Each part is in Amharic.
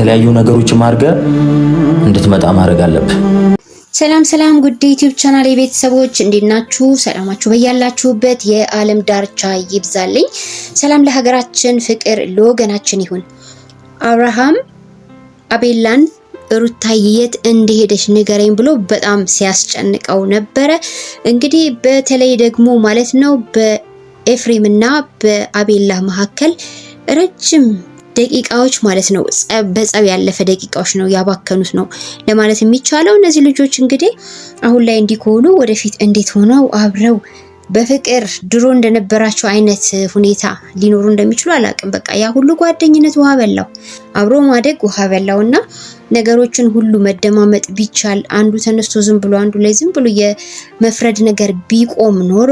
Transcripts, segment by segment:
የተለያዩ ነገሮች ማርገ እንድትመጣ ማድረግ አለብህ። ሰላም ሰላም፣ ጉድ ዩቲዩብ ቻናል የቤተሰቦች እንዴት ናችሁ? ሰላማችሁ በያላችሁበት የዓለም ዳርቻ ይብዛልኝ። ሰላም ለሀገራችን፣ ፍቅር ለወገናችን ይሁን። አብርሃም አቤላን ሩታዬ የት እንደሄደች ንገረኝ ብሎ በጣም ሲያስጨንቀው ነበረ። እንግዲህ በተለይ ደግሞ ማለት ነው በኤፍሬም እና በአቤላ መካከል ረጅም ደቂቃዎች ማለት ነው። ጸብ በጸብ ያለፈ ደቂቃዎች ነው ያባከኑት ነው ለማለት የሚቻለው። እነዚህ ልጆች እንግዲህ አሁን ላይ እንዲህ ከሆኑ ወደፊት እንዴት ሆነው አብረው በፍቅር ድሮ እንደነበራቸው አይነት ሁኔታ ሊኖሩ እንደሚችሉ አላውቅም። በቃ ያ ሁሉ ጓደኝነት ውሃ በላው፣ አብሮ ማደግ ውሃ በላው እና ነገሮችን ሁሉ መደማመጥ ቢቻል አንዱ ተነስቶ ዝም ብሎ አንዱ ላይ ዝም ብሎ የመፍረድ ነገር ቢቆም ኖሮ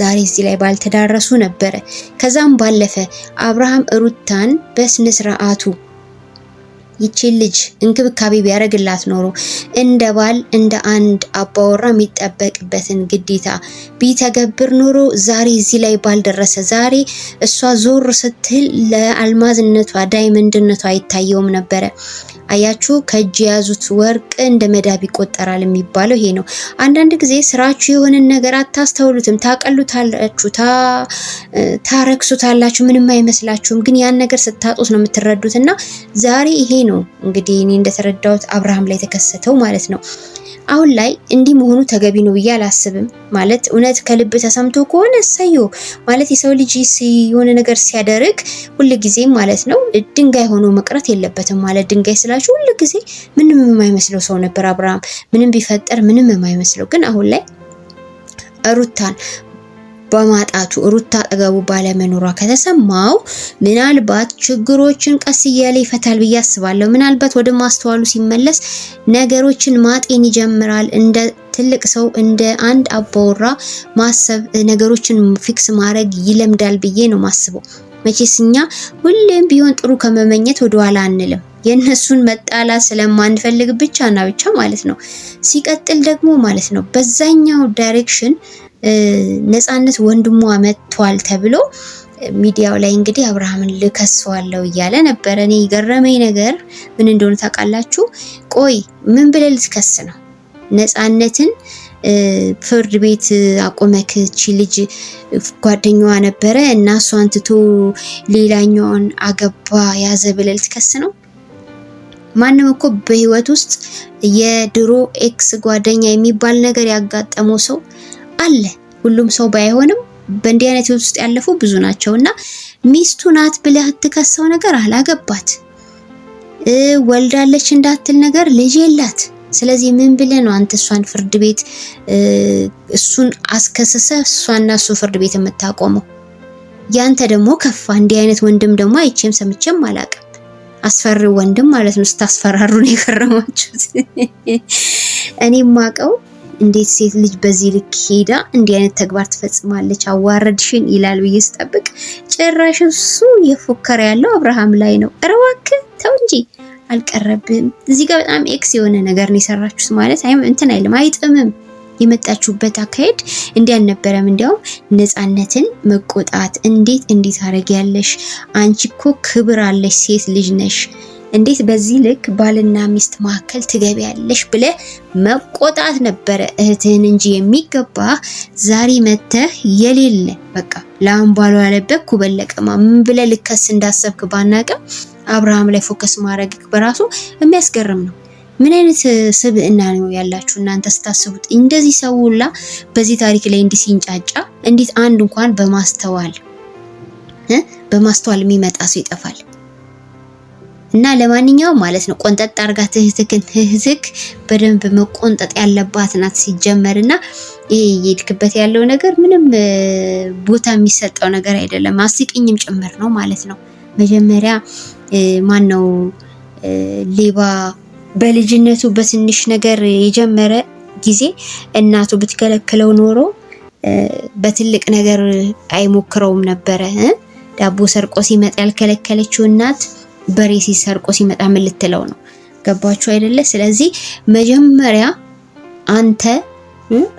ዛሬ እዚህ ላይ ባልተዳረሱ ነበረ። ከዛም ባለፈ አብርሃም ሩታን በስነ ስርዓቱ ይቺ ልጅ እንክብካቤ ቢያደርግላት ኖሮ እንደ ባል እንደ አንድ አባወራ የሚጠበቅበትን ግዴታ ቢተገብር ኖሮ ዛሬ እዚህ ላይ ባልደረሰ። ዛሬ እሷ ዞር ስትል ለአልማዝነቷ ዳይመንድነቷ አይታየውም ነበረ። አያችሁ ከእጅ የያዙት ወርቅ እንደ መዳብ ይቆጠራል የሚባለው ይሄ ነው። አንዳንድ ጊዜ ስራችሁ የሆነን ነገር አታስተውሉትም፣ ታቀሉታላችሁ፣ ታረክሱታላችሁ፣ ምንም አይመስላችሁም። ግን ያን ነገር ስታጡት ነው የምትረዱት። እና ዛሬ ይሄ ነው እንግዲህ እኔ እንደተረዳሁት አብርሃም ላይ የተከሰተው ማለት ነው። አሁን ላይ እንዲህ መሆኑ ተገቢ ነው ብዬ አላስብም። ማለት እውነት ከልብ ተሰምቶ ከሆነ እሰዮ ማለት የሰው ልጅ የሆነ ነገር ሲያደርግ ሁልጊዜም ማለት ነው ድንጋይ ሆኖ መቅረት የለበትም ማለት ድንጋይ ስላ ታውቃላችሁ። ሁሉ ጊዜ ምንም የማይመስለው ሰው ነበር አብርሃም፣ ምንም ቢፈጠር ምንም የማይመስለው ግን አሁን ላይ ሩታን በማጣቱ ሩታ አጠገቡ ባለመኖሯ ከተሰማው ምናልባት ችግሮችን ቀስ እያለ ይፈታል ብዬ አስባለሁ። ምናልባት ወደ ማስተዋሉ ሲመለስ ነገሮችን ማጤን ይጀምራል። እንደ ትልቅ ሰው እንደ አንድ አባወራ ማሰብ፣ ነገሮችን ፊክስ ማድረግ ይለምዳል ብዬ ነው ማስበው። መቼስ እኛ ሁሌም ቢሆን ጥሩ ከመመኘት ወደኋላ አንልም። የእነሱን መጣላ ስለማንፈልግ ብቻ ብቻ ማለት ነው። ሲቀጥል ደግሞ ማለት ነው በዛኛው ዳይሬክሽን ነፃነት ወንድሟ መጥቷል ተብሎ ሚዲያው ላይ እንግዲህ አብርሃምን ልከሰዋለሁ እያለ ነበረ። እኔ የገረመኝ ነገር ምን እንደሆነ ታውቃላችሁ? ቆይ ምን ብለህ ልትከስ ነው ነፃነትን? ፍርድ ቤት አቆመክ። እቺ ልጅ ጓደኛዋ ነበረ እና እሷን ትቶ ሌላኛዋን አገባ ያዘ ብለህ ልትከስ ነው? ማንም እኮ በህይወት ውስጥ የድሮ ኤክስ ጓደኛ የሚባል ነገር ያጋጠመው ሰው አለ። ሁሉም ሰው ባይሆንም በእንዲህ አይነት ህይወት ውስጥ ያለፉ ብዙ ናቸው እና ሚስቱ ናት ብለህ አትከሰው። ነገር አላገባት ወልዳለች እንዳትል ነገር ልጅ የላት። ስለዚህ ምን ብለህ ነው አንተ እሷን ፍርድ ቤት እሱን አስከሰሰ እሷና እሱ ፍርድ ቤት የምታቆመው? ያንተ ደግሞ ከፋ። እንዲህ አይነት ወንድም ደግሞ አይቼም ሰምቼም አላውቅም። አስፈሪ ወንድም ማለት ነው። ስታስፈራሩን የከረማችሁት እኔ ማቀው እንዴት ሴት ልጅ በዚህ ልክ ሄዳ እንዲህ አይነት ተግባር ትፈጽማለች? አዋረድሽን ይላል ብዬ ስጠብቅ ጭራሽ እሱ እየፎከረ ያለው አብርሃም ላይ ነው። ኧረ ተው እንጂ አልቀረብም። እዚህ ጋር በጣም ኤክስ የሆነ ነገር ነው የሰራችሁት ማለት እንትን አይልም አይጥምም። የመጣችሁበት አካሄድ እንዲህ አልነበረም። እንዲያውም ነፃነትን መቆጣት እንዴት እንዴት አረግ ያለሽ አንቺ እኮ ክብር አለሽ፣ ሴት ልጅ ነሽ፣ እንዴት በዚህ ልክ ባልና ሚስት መካከል ትገቢያለሽ ብለ መቆጣት ነበረ እህትህን እንጂ የሚገባ ዛሬ መተህ የሌለ በቃ ለአምባሉ ያለበት ኩበለቀማ ምን ብለ ልከስ እንዳሰብክ ባናቅም አብርሃም ላይ ፎከስ ማድረግ በራሱ የሚያስገርም ነው። ምን አይነት ስብዕና ነው ያላችሁ እናንተ ስታስቡት? እንደዚህ ሰው ሁላ በዚህ ታሪክ ላይ እንዲህ ሲንጫጫ እንዴት አንድ እንኳን በማስተዋል በማስተዋል የሚመጣ ሰው ይጠፋል? እና ለማንኛውም ማለት ነው ቆንጠጥ አርጋ ትህትክን ትህትክ በደንብ መቆንጠጥ ያለባት ናት ሲጀመር። እና እየሄድክበት ያለው ነገር ምንም ቦታ የሚሰጠው ነገር አይደለም፣ አስቂኝም ጭምር ነው ማለት ነው። መጀመሪያ ማን ነው ሌባ በልጅነቱ በትንሽ ነገር የጀመረ ጊዜ እናቱ ብትከለክለው ኖሮ በትልቅ ነገር አይሞክረውም ነበረ። ዳቦ ሰርቆ ሲመጣ ያልከለከለችው እናት በሬ ሲሰርቆ ሲመጣ ምን ልትለው ነው? ገባችሁ አይደለ? ስለዚህ መጀመሪያ አንተ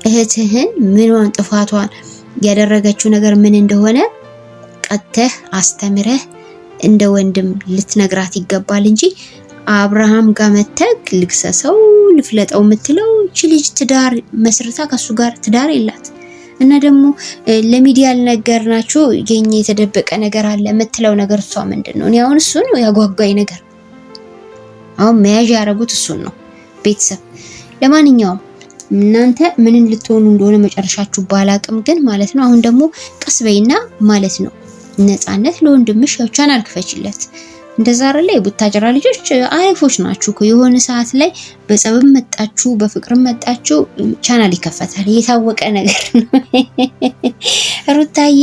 እህትህን ምኗን ጥፋቷን ያደረገችው ነገር ምን እንደሆነ ቀጥተህ አስተምረህ እንደ ወንድም ልትነግራት ይገባል እንጂ አብርሃም ጋር መተክ ልክሰሰው ልፍለጠው የምትለው እቺ ልጅ ትዳር መስርታ ከሱ ጋር ትዳር የላት እና ደግሞ ለሚዲያ ያልነገርናችሁ የኛ የተደበቀ ነገር አለ የምትለው ነገር እሷ ምንድን ነው? እኔ አሁን እሱ ነው ያጓጓኝ ነገር። አሁን መያዣ ያደረጉት እሱን ነው ቤተሰብ። ለማንኛውም እናንተ ምንን ልትሆኑ እንደሆነ መጨረሻችሁ ባላቅም ግን ማለት ነው። አሁን ደግሞ ቀስ በይና ማለት ነው ነፃነት ለወንድምሽ ያው ቻናል ክፈችለት እንደዛ አይደለ? የቡታጅራ ልጆች አሪፎች ናችሁ የሆነ ሰዓት ላይ በጸብም መጣችሁ በፍቅርም መጣችሁ ቻናል ይከፈታል። የታወቀ ነገር ነው። ሩታዬ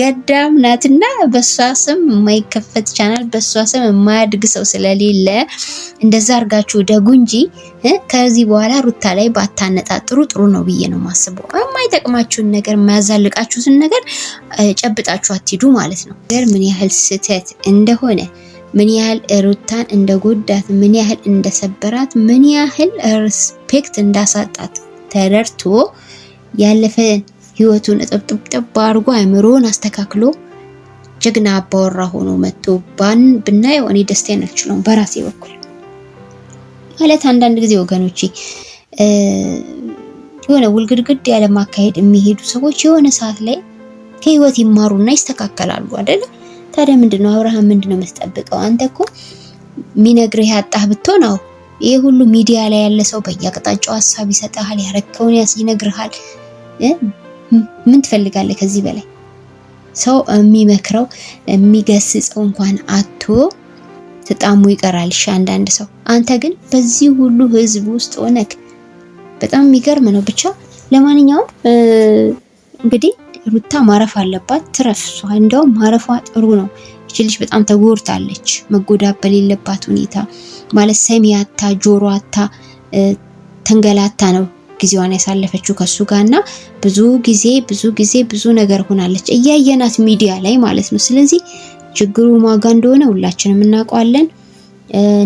ገዳም ናትና በሷ ስም የማይከፈት ቻናል፣ በሷ ስም የማያድግ ሰው ስለሌለ እንደዛ አርጋችሁ ደጉ እንጂ ከዚህ በኋላ ሩታ ላይ ባታነጣጥሩ ጥሩ ነው ብዬ ነው የማስበው። የማይጠቅማችሁን ነገር የማያዛልቃችሁትን ነገር ጨብጣችሁ አትሂዱ ማለት ነው። ነገር ምን ያህል ስህተት እንደሆነ ምን ያህል ሩታን እንደጎዳት፣ ምን ያህል እንደሰበራት፣ ምን ያህል ሪስፔክት እንዳሳጣት ተረድቶ ያለፈ ህይወቱን እጥብጥብጥብ አድርጎ አእምሮውን አስተካክሎ ጀግና አባወራ ሆኖ መጥቶ ባን ብናየው እኔ ደስታዬን አልችለውም በራሴ በኩል ማለት። አንዳንድ ጊዜ ወገኖቼ የሆነ ውልግድግድ ያለ ማካሄድ የሚሄዱ ሰዎች የሆነ ሰዓት ላይ ከህይወት ይማሩና ይስተካከላሉ አይደለም። ታዲያ ምንድን ነው አብርሃም ምንድን ነው የምትጠብቀው? አንተ እኮ ሚነግር ያጣህ ብቶ ነው። ይሄ ሁሉ ሚዲያ ላይ ያለ ሰው በየአቅጣጫው ሀሳብ ይሰጥሃል፣ ያረከውን ይነግርሃል። ምን ትፈልጋለህ ከዚህ በላይ? ሰው የሚመክረው የሚገስጸው እንኳን አቶ ተጣሙ ይቀራል። እሺ አንዳንድ ሰው አንተ ግን በዚህ ሁሉ ህዝብ ውስጥ ሆነክ በጣም የሚገርም ነው። ብቻ ለማንኛውም እንግዲህ ሩታ ማረፍ አለባት። ትረፍ እሷ እንደውም ማረፏ ጥሩ ነው። ይች ልጅ በጣም ተጎድታለች። መጎዳ በሌለባት ሁኔታ ማለት ሰሚ አታ ጆሮ አታ ተንገላታ ነው ጊዜዋን ያሳለፈችው ከሱ ጋር እና ብዙ ጊዜ ብዙ ጊዜ ብዙ ነገር ሆናለች እያየናት ሚዲያ ላይ ማለት ነው። ስለዚህ ችግሩ ማጋ እንደሆነ ሁላችንም እናውቀዋለን።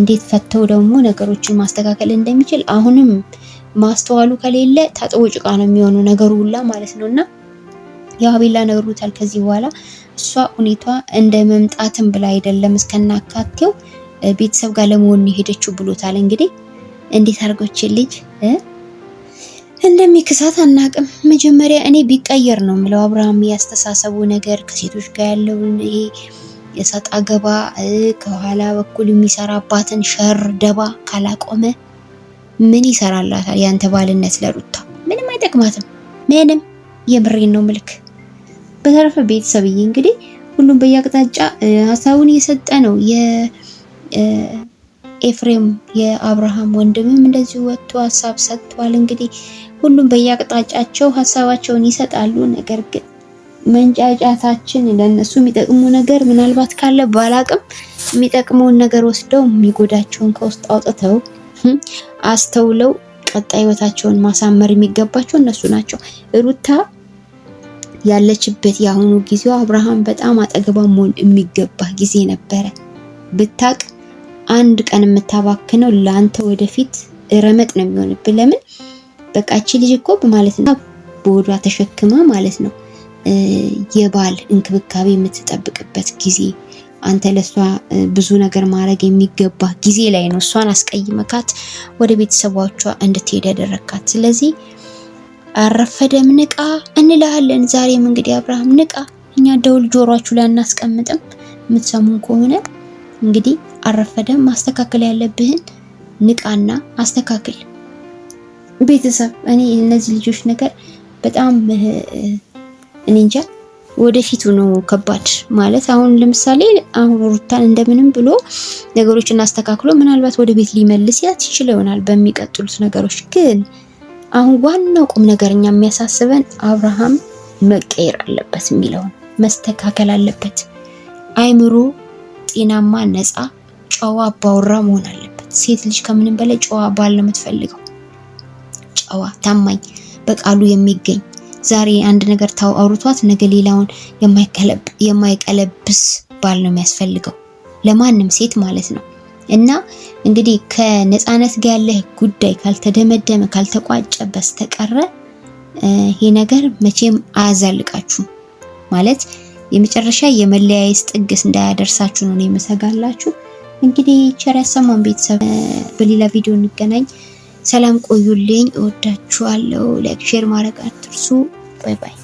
እንዴት ፈተው ደግሞ ነገሮችን ማስተካከል እንደሚችል አሁንም ማስተዋሉ ከሌለ ታጥቦ ጭቃ ነው የሚሆኑ ነገሩ ሁላ ማለት ነውና የአቤላ ነግሮታል። ከዚህ በኋላ እሷ ሁኔታ እንደ መምጣትም ብላ አይደለም እስከናካቴው ቤተሰብ ጋር ለመሆን ሄደችው ብሎታል። እንግዲህ እንዴት አድርጎች ልጅ እንደሚክሳት አናቅም። መጀመሪያ እኔ ቢቀየር ነው ምለው አብርሃም ያስተሳሰቡ ነገር ከሴቶች ጋር ያለውን ይሄ የሰጥ አገባ ከኋላ በኩል የሚሰራባትን ሸር ደባ ካላቆመ ምን ይሰራላታል? ያንተ ባልነት ለሩታ ምንም አይጠቅማትም። ምንም የምሬን ነው ምልክ በተረፈ ቤተሰብዬ እንግዲህ ሁሉም በየአቅጣጫ ሀሳቡን እየሰጠ ነው። የኤፍሬም የአብርሃም ወንድምም እንደዚሁ ወጥቶ ሀሳብ ሰጥቷል። እንግዲህ ሁሉም በየአቅጣጫቸው ሀሳባቸውን ይሰጣሉ። ነገር ግን መንጫጫታችን ለእነሱ የሚጠቅሙ ነገር ምናልባት ካለ ባላቅም የሚጠቅመውን ነገር ወስደው የሚጎዳቸውን ከውስጥ አውጥተው አስተውለው ቀጣይ ህይወታቸውን ማሳመር የሚገባቸው እነሱ ናቸው። ሩታ ያለችበት የአሁኑ ጊዜዋ አብርሃም በጣም አጠገቧ መሆን የሚገባ ጊዜ ነበረ። ብታቅ አንድ ቀን የምታባክነው ለአንተ ወደፊት ረመጥ ነው የሚሆንብህ። ለምን በቃ እቺ ልጅ እኮ በማለት ነው በወዷ ተሸክማ ማለት ነው የባል እንክብካቤ የምትጠብቅበት ጊዜ አንተ ለሷ ብዙ ነገር ማድረግ የሚገባ ጊዜ ላይ ነው እሷን አስቀይመካት ወደ ቤተሰቦቿ እንድትሄድ ያደረካት። ስለዚህ አረፈደም ንቃ እንላለን ዛሬም እንግዲህ አብርሃም ንቃ፣ እኛ ደውል ጆሯችሁ ላይ አናስቀምጥም። የምትሰሙን ከሆነ እንግዲህ አረፈደም ማስተካከል ያለብህን ንቃና አስተካክል። ቤተሰብ እኔ እነዚህ ልጆች ነገር በጣም እኔ እንጃ ወደፊቱ ነው ከባድ ማለት። አሁን ለምሳሌ አሁን ሩታን እንደምንም ብሎ ነገሮችን አስተካክሎ ምናልባት ወደ ቤት ሊመልስ ያት ይችል ይሆናል በሚቀጥሉት ነገሮች ግን አሁን ዋናው ቁም ነገርኛ የሚያሳስበን አብርሃም መቀየር አለበት የሚለውን መስተካከል አለበት። አይምሮ ጤናማ፣ ነፃ፣ ጨዋ አባወራ መሆን አለበት። ሴት ልጅ ከምንም በላይ ጨዋ ባል ነው የምትፈልገው። ጨዋ፣ ታማኝ፣ በቃሉ የሚገኝ ዛሬ አንድ ነገር ታው አውርቷት ነገ ሌላውን የማይቀለብስ ባል ነው የሚያስፈልገው ለማንም ሴት ማለት ነው። እና እንግዲህ ከነፃነት ጋር ያለህ ጉዳይ ካልተደመደመ ካልተቋጨ በስተቀረ ይሄ ነገር መቼም አያዛልቃችሁም። ማለት የመጨረሻ የመለያየስ ጥግስ እንዳያደርሳችሁ ነው የምሰጋላችሁ። እንግዲህ ቸር ያሰማን ቤተሰብ፣ በሌላ ቪዲዮ እንገናኝ። ሰላም ቆዩልኝ። እወዳችኋለሁ። ላይክ ሼር ማድረግ አትርሱ። ባይ ባይ።